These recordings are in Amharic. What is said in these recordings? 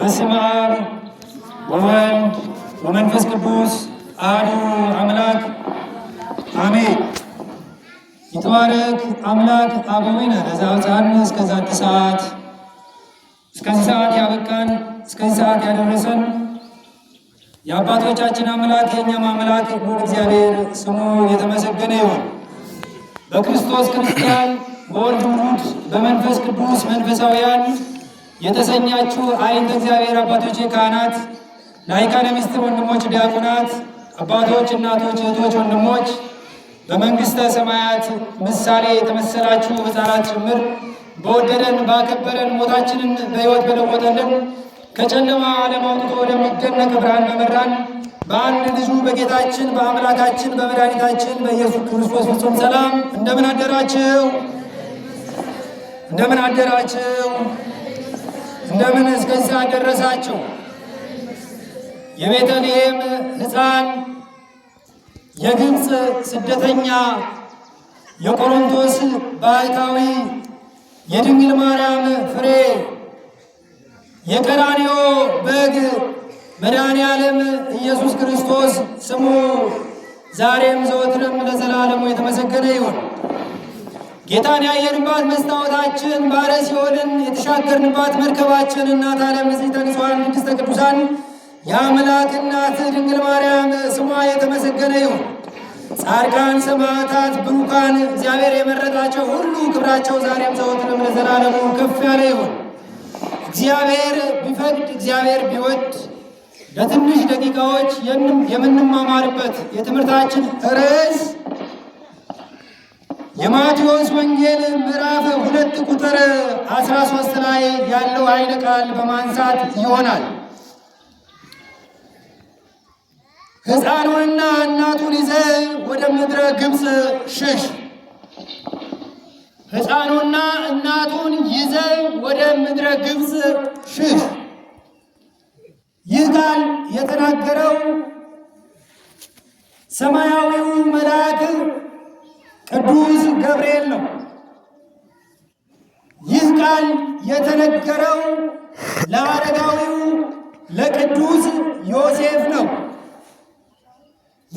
በስመ አብ ወወልድ ወመንፈስ ቅዱስ አሐዱ አምላክ አሜን። ይትባረክ አምላክ አበዊነ ለዘአብጽሐነ እስከዛቲ ሰዓት፣ እስከዚህ ሰዓት ያበቃን እስከዚህ ሰዓት ያደረሰን የአባቶቻችን አምላክ የእኛም አምላክ ኑር እግዚአብሔር ስሙ የተመሰገነ ይሁን። በክርስቶስ ክርስቲያን በወልድ ውሉድ በመንፈስ ቅዱስ መንፈሳውያን የተሰኛችሁ አይንት እግዚአብሔር አባቶች፣ ካህናት፣ ላይካነ ምስጢር ወንድሞች፣ ዲያቆናት፣ አባቶች፣ እናቶች፣ እህቶች፣ ወንድሞች በመንግስተ ሰማያት ምሳሌ የተመሰላችሁ ሕፃናት ጭምር በወደደን ባከበረን ሞታችንን በሕይወት በለወጠልን ከጨለማ ዓለም አውጥቶ ወደሚደነቅ ብርሃን በመራን በአንድ ልጁ በጌታችን በአምላካችን በመድኃኒታችን በኢየሱስ ክርስቶስ ፍጹም ሰላም እንደምን አደራችሁ? እንደምን አደራችሁ? እንደምን እስከዚህ ደረሳችሁ? የቤተልሔም ሕፃን የግብፅ ስደተኛ የቆሮንቶስ ባሕታዊ የድንግል ማርያም ፍሬ የቀራንዮ በግ መድኃኔ ዓለም ኢየሱስ ክርስቶስ ስሙ ዛሬም ዘወትርም ለዘላለሙ የተመሰገነ ይሁን። ጌታን ያየንባት መስታወታችን ባሕረ ሲሆንን የተሻገርንባት መርከባችን እናት ዓለም ንጽሕተ ንጹሐን ቅድስተ ቅዱሳን የአምላክ እናት ድንግል ማርያም ስሟ የተመሰገነ ይሁን። ጻድቃን፣ ሰማዕታት፣ ብሩካን እግዚአብሔር የመረጣቸው ሁሉ ክብራቸው ዛሬም ዘወትርም ለዘላለሙ ከፍ ያለ ይሁን። እግዚአብሔር ቢፈቅድ እግዚአብሔር ቢወድ ለትንሽ ደቂቃዎች የምንማማርበት የትምህርታችን ርዕስ የማቴዎስ ወንጌል ምዕራፍ ሁለት ቁጥር 13 ላይ ያለው ኃይለ ቃል በማንሳት ይሆናል። ሕፃኑንና እናቱን ይዘ ወደ ምድረ ግብፅ ሽሽ። ሕፃኑና እናቱን ይዘ ወደ ምድረ ግብፅ ሽሽ። ይህ ቃል የተናገረው ሰማያዊው መልአክ ቅዱስ ገብርኤል ነው። ይህ ቃል የተነገረው ለአረጋዊው ለቅዱስ ዮሴፍ ነው።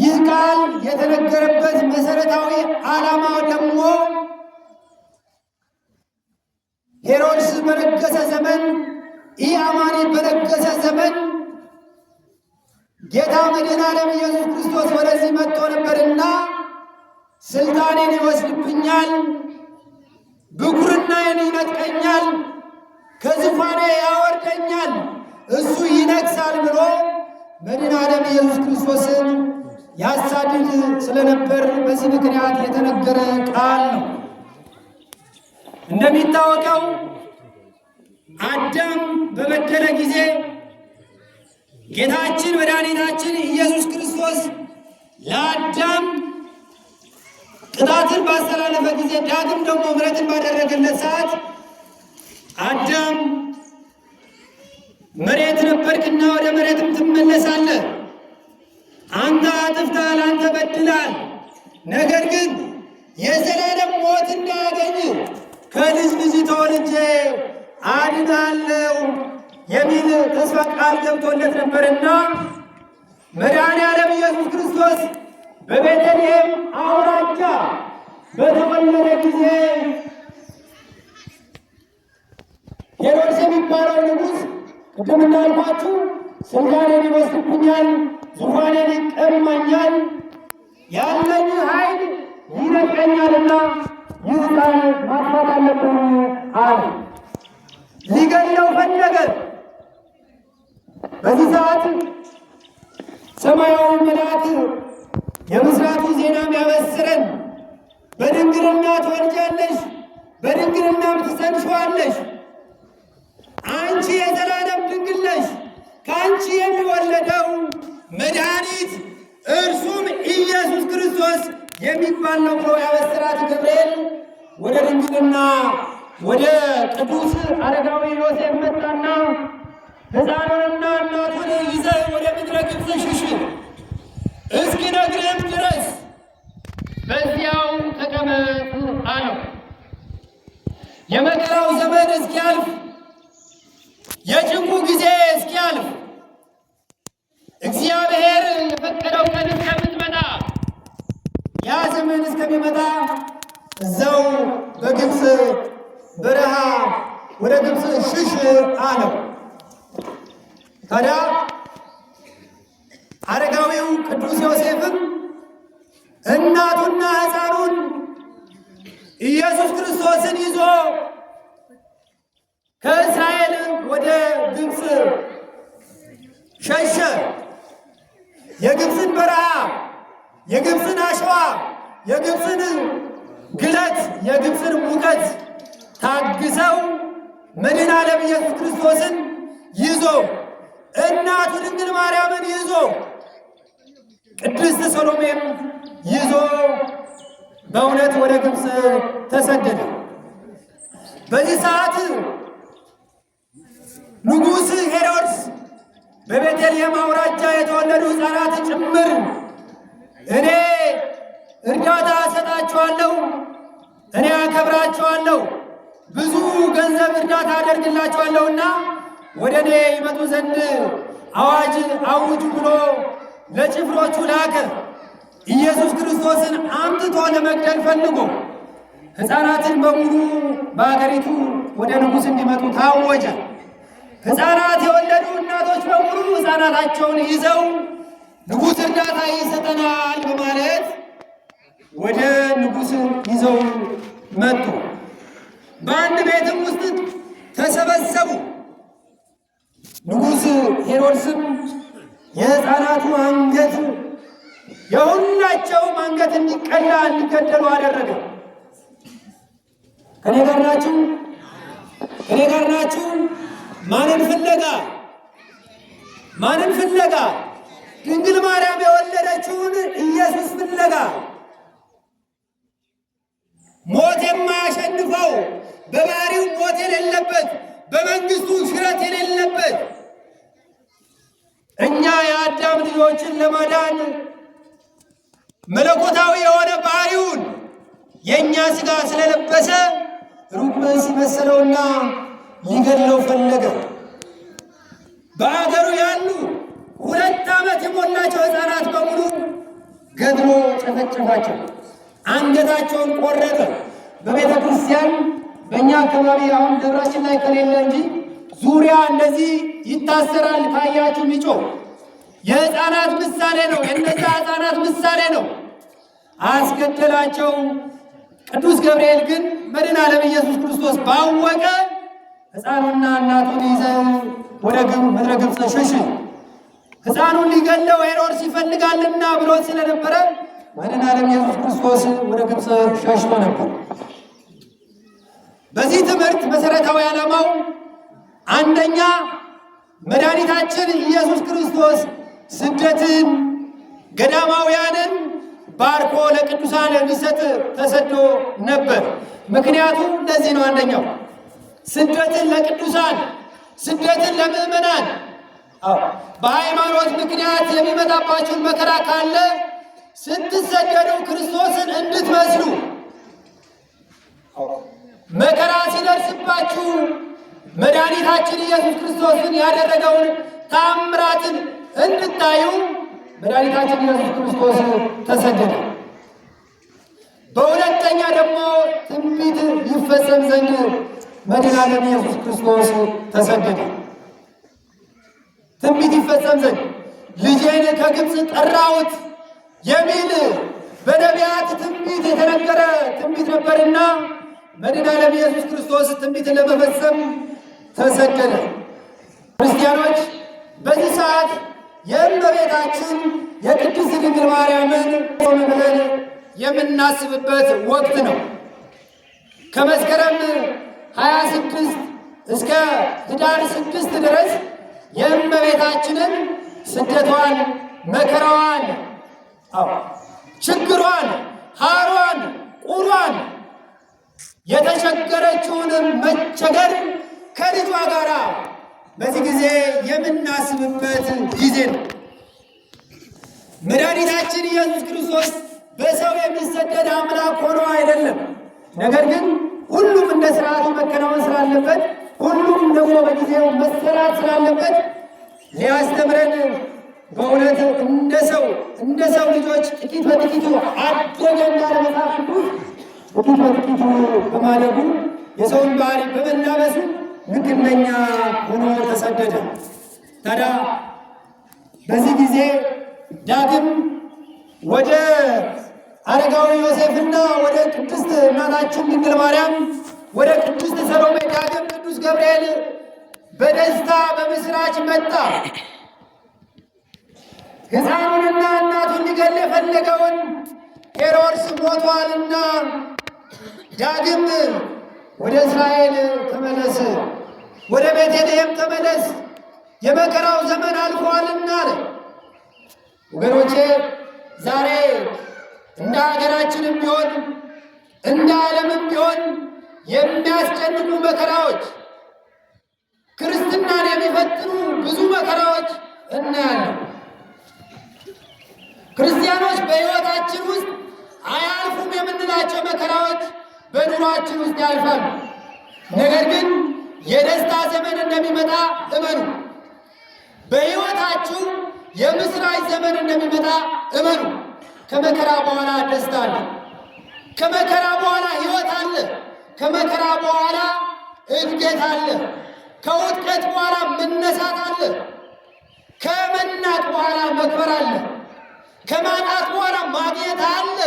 ይህ ቃል የተነገረበት መሰረታዊ ዓላማ ደግሞ ሄሮድስ በነገሰ ዘመን፣ ኢአማኒ በነገሰ ዘመን ጌታ መድኃኔ ዓለም ኢየሱስ ክርስቶስ ወደዚህ መጥቶ ነበርና ስልጣኔን ይወስድብኛል፣ ብኩርናዬን ይነጥቀኛል፣ ከዙፋኔ ያወርደኛል፣ እሱ ይነክሳል ብሎ መድኃኔዓለም ኢየሱስ ክርስቶስን ያሳድድ ስለነበር በዚህ ምክንያት የተነገረ ቃል ነው። እንደሚታወቀው አዳም በበደለ ጊዜ ጌታችን መድኃኒታችን ኢየሱስ ክርስቶስ ለአዳም ቅጣትን ባስተላለፈ ጊዜ ዳግም ደግሞ ምሕረትን ባደረገለት ሰዓት አዳም መሬት ነበርክና ወደ መሬትም ትመለሳለህ። አንተ አጥፍተሃል፣ አንተ በድላል። ነገር ግን የዘላለም ሞት እንዳያገኝ ከልጅ ልጅ ተወልጄ አድናለው የሚል ተስፋ ቃል ገብቶለት ነበርና መድኃኔ ዓለም ኢየሱስ ክርስቶስ በቤተልሔም አውራጃ በተወለደ ጊዜ ሄሮድስ የሚባለው ንጉሥ ቅድም እንዳልኳችሁ ስልጣኔን ይወስድብኛል፣ ዙፋኔን ይቀማኛል፣ ያለኝ ኃይል ይነቀኛልና ይህ ማጥፋት አለብን አለ። ሊገድለው ፈለገ። በዚህ ሰዓት ሰማያዊ መልአክ የምስራቱ ዜና ያበስረን። በድንግልና ትወልጃለሽ፣ በድንግልናም ትጸንሽዋለሽ። አንቺ የዘላለም ድንግል ነሽ። ከአንቺ የሚወለደው መድኃኒት እርሱም ኢየሱስ ክርስቶስ የሚባል ነው ብሎ ያበስራት ገብርኤል ወደ ድንግልና ወደ ቅዱስ አረጋዊ ዮሴፍ መጣና ሕፃኑንና እናቱን ይዘ ወደ ምድረ ግብፅ ሽሽ እስኪነግርህም ድረስ በዚያው ተቀመጥ አለው። የመከራው ዘመን እስኪያልፍ፣ የጭንቁ ጊዜ እስኪያልፍ እግዚአብሔር የፈቀደው ቀን እስከምትመጣ ያ ዘመን እስከሚመጣ እዛው በግብፅ በረሃ ወደ ግብፅ ሽሽ አለው ታዲያ አረጋዊው ቅዱስ ዮሴፍም እናቱና ሕፃኑን ኢየሱስ ክርስቶስን ይዞ ከእስራኤል ወደ ግብፅ ሸሸ። የግብፅን በረሃ፣ የግብፅን አሸዋ፣ የግብፅን ግለት፣ የግብፅን ሙቀት ታግሰው መድኃኔ ዓለም ኢየሱስ ክርስቶስን ይዞ እናቱ ድንግል ማርያምን ይዞ ቅድስት ሰሎሜም ይዞ በእውነት ወደ ግብፅ ተሰደደ። በዚህ ሰዓት ንጉሥ ሄሮድስ በቤተልሔም አውራጃ የተወለዱ ሕፃናት ጭምር እኔ እርዳታ እሰጣችኋለሁ፣ እኔ አከብራችኋለሁ፣ ብዙ ገንዘብ እርዳታ አደርግላችኋለሁና ወደ እኔ ይመጡ ዘንድ አዋጅ አውጁ ብሎ ለጭፍሮቹ ላከ። ኢየሱስ ክርስቶስን አምጥቶ ለመግደል ፈልጎ ሕፃናትን በሙሉ በአገሪቱ ወደ ንጉሥ እንዲመጡ ታወጀ። ሕፃናት የወለዱ እናቶች በሙሉ ሕፃናታቸውን ይዘው ንጉሥ እርዳታ ይሰጠናል በማለት ወደ ንጉሥ ይዘው መጡ። በአንድ ቤትም ውስጥ ተሰበሰቡ። ንጉሥ ሄሮድስም የሕፃናቱ አንገት የሁላቸውም አንገት እንዲቀላ እንዲገደሉ አደረገ። ከኔ ጋር ናችሁ? ከኔ ጋር ናችሁ? ማንን ፍለጋ? ማንን ፍለጋ? ድንግል ማርያም የወለደችውን ኢየሱስ ፍለጋ። ሞት የማያሸንፈው በባህሪው ሞት የሌለበት በመንግስቱ ሽረት የሌለበት እኛ የአዳም ልጆችን ለማዳን መለኮታዊ የሆነ ባህሪውን የእኛ ስጋ ስለለበሰ ሩቅን ሲመሰለውና ሊገድለው ፈለገ። በአገሩ ያሉ ሁለት ዓመት የሞላቸው ሕፃናት በሙሉ ገድሎ ጨፈጨፋቸው፣ አንገታቸውን ቆረጠ። በቤተ ክርስቲያን በእኛ አካባቢ አሁን ደብራችን ላይ ከሌለ እንጂ ዙሪያ እንደዚህ ይታሰራል። ካያችሁ ሚጮ የህፃናት ምሳሌ ነው። የእነዛ ህፃናት ምሳሌ ነው። አስከተላቸው። ቅዱስ ገብርኤል ግን መድን መድኃኔዓለም ኢየሱስ ክርስቶስ ባወቀ ህፃኑና እናቱን ይዘው ወደ ግብ ምድረ ግብፅ ሸሽ ህፃኑን ሊገለው ሄሮድስ ይፈልጋልና ብሎ ስለነበረ መድን መድኃኔዓለም ኢየሱስ ክርስቶስ ወደ ግብፅ ሸሽቶ ነበር። በዚህ ትምህርት መሰረታዊ ዓላማው አንደኛ መድኃኒታችን ኢየሱስ ክርስቶስ ስደትን ገዳማውያንን ባርኮ ለቅዱሳን እንዲሰጥ ተሰዶ ነበር። ምክንያቱም ለዚህ ነው። አንደኛው ስደትን ለቅዱሳን ስደትን ለምእመናን በሃይማኖት ምክንያት የሚመጣባችሁን መከራ ካለ ስትሰደዱ ክርስቶስን እንድትመስሉ መከራ ሲደርስባችሁ መድኃኒታችን ኢየሱስ ክርስቶስን ያደረገውን ታምራትን እንድታዩ መድኃኒታችን ኢየሱስ ክርስቶስ ተሰደደ። በሁለተኛ ደግሞ ትንቢት ይፈጸም ዘንድ መድኃኔዓለም ኢየሱስ ክርስቶስ ተሰደደ። ትንቢት ይፈጸም ዘንድ ልጄን ከግብፅ ጠራሁት የሚል በነቢያት ትንቢት የተነገረ ትንቢት ነበርና መድኃኔዓለም ኢየሱስ ክርስቶስ ትንቢትን ለመፈጸም ተሰደደ። ክርስቲያኖች በዚህ ሰዓት የእመቤታችን የቅድስት ድንግል ማርያምን ብለን የምናስብበት ወቅት ነው። ከመስከረም 26 እስከ ህዳር 6 ድረስ የእመቤታችንን ስደቷን፣ መከራዋን፣ ችግሯን፣ ሐሯን፣ ቁሯን የተቸገረችውን መቸገር ከልጇ ጋር በዚህ ጊዜ የምናስብበት ጊዜ ነው። መድኃኒታችን ኢየሱስ ክርስቶስ በሰው የሚሰደድ አምላክ ሆኖ አይደለም። ነገር ግን ሁሉም እንደ ስርዓቱ መከናወን ስላለበት፣ ሁሉም ደግሞ በጊዜው መሰራት ስላለበት ሊያስተምረን በእውነት እንደ ሰው እንደ ሰው ልጆች ጥቂት በጥቂቱ አደገ እንዳለ መጽሐፍ ቅዱስ ጥቂት በጥቂቱ በማደጉ የሰውን ባህሪ በመላበሱ ምክመኛ ሆኖ ተሰደደ። ታዲያ በዚህ ጊዜ ዳግም ወደ አረጋዊ ዮሴፍና ወደ ቅድስት እናታችን ድንግል ማርያም ወደ ቅድስት ሰሎሜ ዳግም ቅዱስ ገብርኤል በደስታ በምስራች መጣ። ሕፃኑንና እናቱን ሊገል የፈለገውን ሄሮድስ ሞቷልና ዳግም ወደ እስራኤል ተመለስ ወደ ቤተልሔም ተመለስ የመከራው ዘመን አልፏልና አለ። ወገኖቼ ዛሬ እንደ ሀገራችንም ቢሆን እንደ ዓለምም ቢሆን የሚያስጨንቁ መከራዎች ክርስትናን የሚፈትኑ ብዙ መከራዎች እናያለን። ክርስቲያኖች በሕይወታችን ውስጥ አያልፉም የምንላቸው መከራዎች በኑሯችን ውስጥ ያልፋሉ። ነገር ግን የደስታ ዘመን እንደሚመጣ እመኑ። በሕይወታችሁ የምስራች ዘመን እንደሚመጣ እመኑ። ከመከራ በኋላ ደስታ አለ። ከመከራ በኋላ ሕይወት አለ። ከመከራ በኋላ እድገት አለ። ከውድቀት በኋላ መነሳት አለ። ከመናት በኋላ መክበር አለ። ከማጣት በኋላ ማግኘት አለ።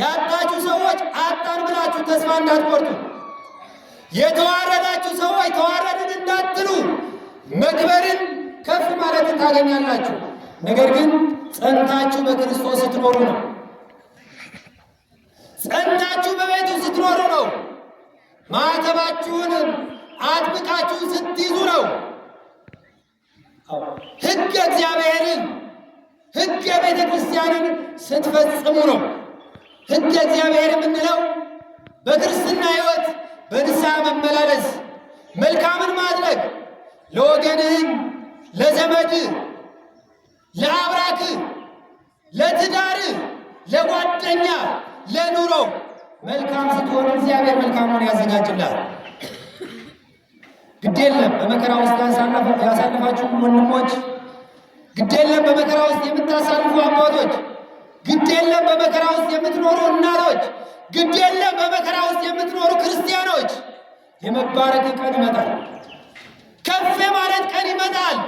ያጣችሁ ሰዎች አጣን ብላችሁ ተስፋ እንዳትቆርጡ። የተዋረዳችሁ ሰዎች ተዋረድን እንዳትሉ መክበርን ከፍ ማለትን ታገኛላችሁ። ነገር ግን ጸንታችሁ በክርስቶስ ስትኖሩ ነው። ጸንታችሁ በቤቱ ስትኖሩ ነው። ማዕተባችሁን አጥብቃችሁ ስትይዙ ነው። ሕግ እግዚአብሔርን ሕግ የቤተ ክርስቲያንን ስትፈጽሙ ነው። ሕግ እግዚአብሔር የምንለው በክርስትና ሕይወት በንስሐ መመላለስ፣ መልካምን ማድረግ፣ ለወገንህም፣ ለዘመድ፣ ለአብራክ፣ ለትዳር ለጓደኛ፣ ለኑሮ መልካም ስትሆን እግዚአብሔር መልካሙን ያዘጋጅላል። ግዴለም በመከራ ውስጥ ያሳልፋችሁ ወንድሞች፣ ግዴለም በመከራ ውስጥ የምታሳልፉ አባቶች፣ ግዴለም በመከራ ውስጥ የምትኖሩ እናቶች ግድ የለም በመከራ ውስጥ የምትኖሩ ክርስቲያኖች የመባረክ ቀን ይመጣል። ከፍ ማለት ቀን ይመጣል።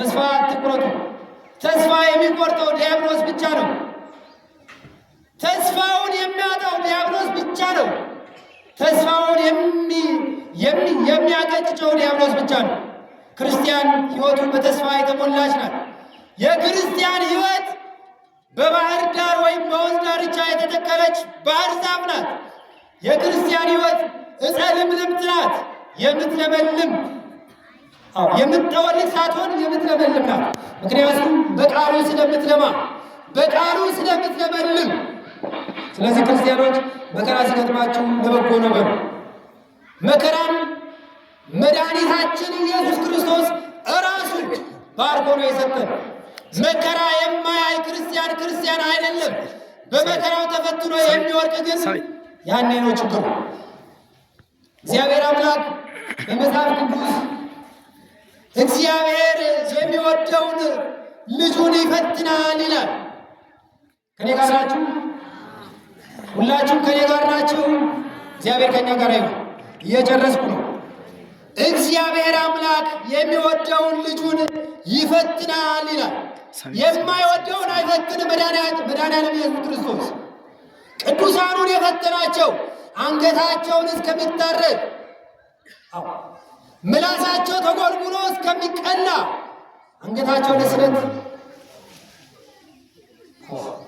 ተስፋ አትቁረጡ። ተስፋ የሚቆርጠው ዲያብሎስ ብቻ ነው። ተስፋውን የሚያጣው ዲያብሎስ ብቻ ነው። ተስፋውን የሚያቀጭጨው ዲያብሎስ ብቻ ነው። ክርስቲያን ህይወቱን በተስፋ የተሞላች ናት። የክርስቲያን ሕይወት በባህር ዳር ወይም በወንዝ ዳርቻ የተተከለች ባህር ዛፍ ናት። የክርስቲያን ሕይወት እፀ ልምልምት ናት። የምትለመልም የምትጠወልቅ ሳትሆን የምትለመልም ናት። ምክንያቱም በቃሉ ስለምትለማ በቃሉ ስለምትለመልም። ስለዚህ ክርስቲያኖች መከራ ሲገጥማችሁ ለበጎ ነው መከራን መድኃኒታችን ኢየሱስ ክርስቶስ እራሱ ባርኮ ነው የሰጠን። መከራ የማያይ ክርስቲያን ክርስቲያን አይደለም። በመከራው ተፈትኖ የሚወርቅ ግን ያኔ ነው ችግሩ። እግዚአብሔር አምላክ በመጽሐፍ ቅዱስ እግዚአብሔር የሚወደውን ልጁን ይፈትናል ይላል። ከኔ ጋር ናችሁ? ሁላችሁም ከኔ ጋር ናችሁ? እግዚአብሔር ከኛ ጋር ይሁን። እየጨረስኩ ነው። እግዚአብሔር አምላክ የሚወደውን ልጁን ይፈትናል ይላል። የማይወደውን አይፈትንም። መድኃኒዓለም ኢየሱስ ክርስቶስ ቅዱሳኑን የፈተናቸው አንገታቸውን እስከሚታረድ ምላሳቸው ተጎልጉሎ እስከሚቀላ አንገታቸውን እስረት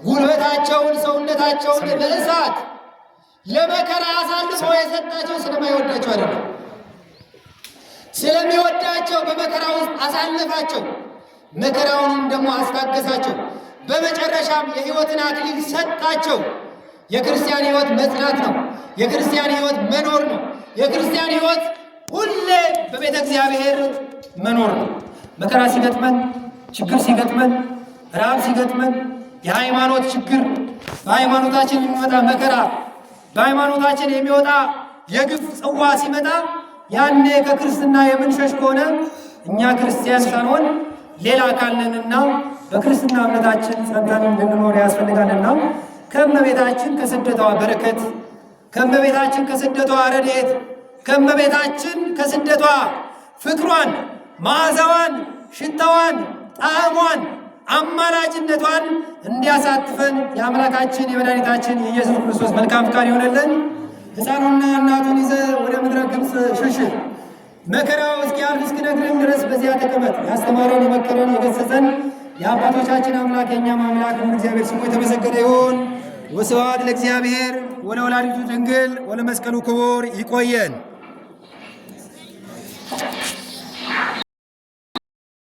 ጉልበታቸውን ሰውነታቸውን በእሳት ለመከራ አሳልፎ የሰጣቸው ስለማይወዳቸው አይደለም፣ ስለሚወዳቸው በመከራ ውስጥ አሳልፋቸው መከራውንም ደግሞ አስታገሳቸው። በመጨረሻም የህይወትን አክሊል ሰጣቸው። የክርስቲያን ህይወት መጽናት ነው። የክርስቲያን ህይወት መኖር ነው። የክርስቲያን ህይወት ሁሌ በቤተ እግዚአብሔር መኖር ነው። መከራ ሲገጥመን፣ ችግር ሲገጥመን፣ ረሃብ ሲገጥመን፣ የሃይማኖት ችግር፣ በሃይማኖታችን የሚወጣ መከራ፣ በሃይማኖታችን የሚወጣ የግፍ ጽዋ ሲመጣ ያኔ ከክርስትና የምንሸሽ ከሆነ እኛ ክርስቲያን ሳንሆን ሌላ ካለንና በክርስትና እምነታችን ጸንተን እንድንኖር ያስፈልጋልና ከእመቤታችን ከስደቷ በረከት ከእመቤታችን ከስደቷ ረድኤት ከእመቤታችን ከስደቷ ፍቅሯን፣ መዓዛዋን፣ ሽታዋን፣ ጣዕሟን፣ አማላጅነቷን እንዲያሳትፈን የአምላካችን የመድኃኒታችን የኢየሱስ ክርስቶስ መልካም ፍቃድ ይሆነልን። ሕፃኑና እናቱን ይዘ ወደ ምድረ ግብፅ ሽሽር መከራው እስኪያልፍ እስክነግርህም ድረስ በዚያ ተቀመጥ። ያስተማረን የመከረን የገሰጸን የአባቶቻችን አምላክ የእኛም አምላክ እግዚአብሔር ስሙ የተመሰገነ ይሁን። ወስብሐት ለእግዚአብሔር ወለወላዲቱ ድንግል ወለመስቀሉ ክቡር። ይቆየን።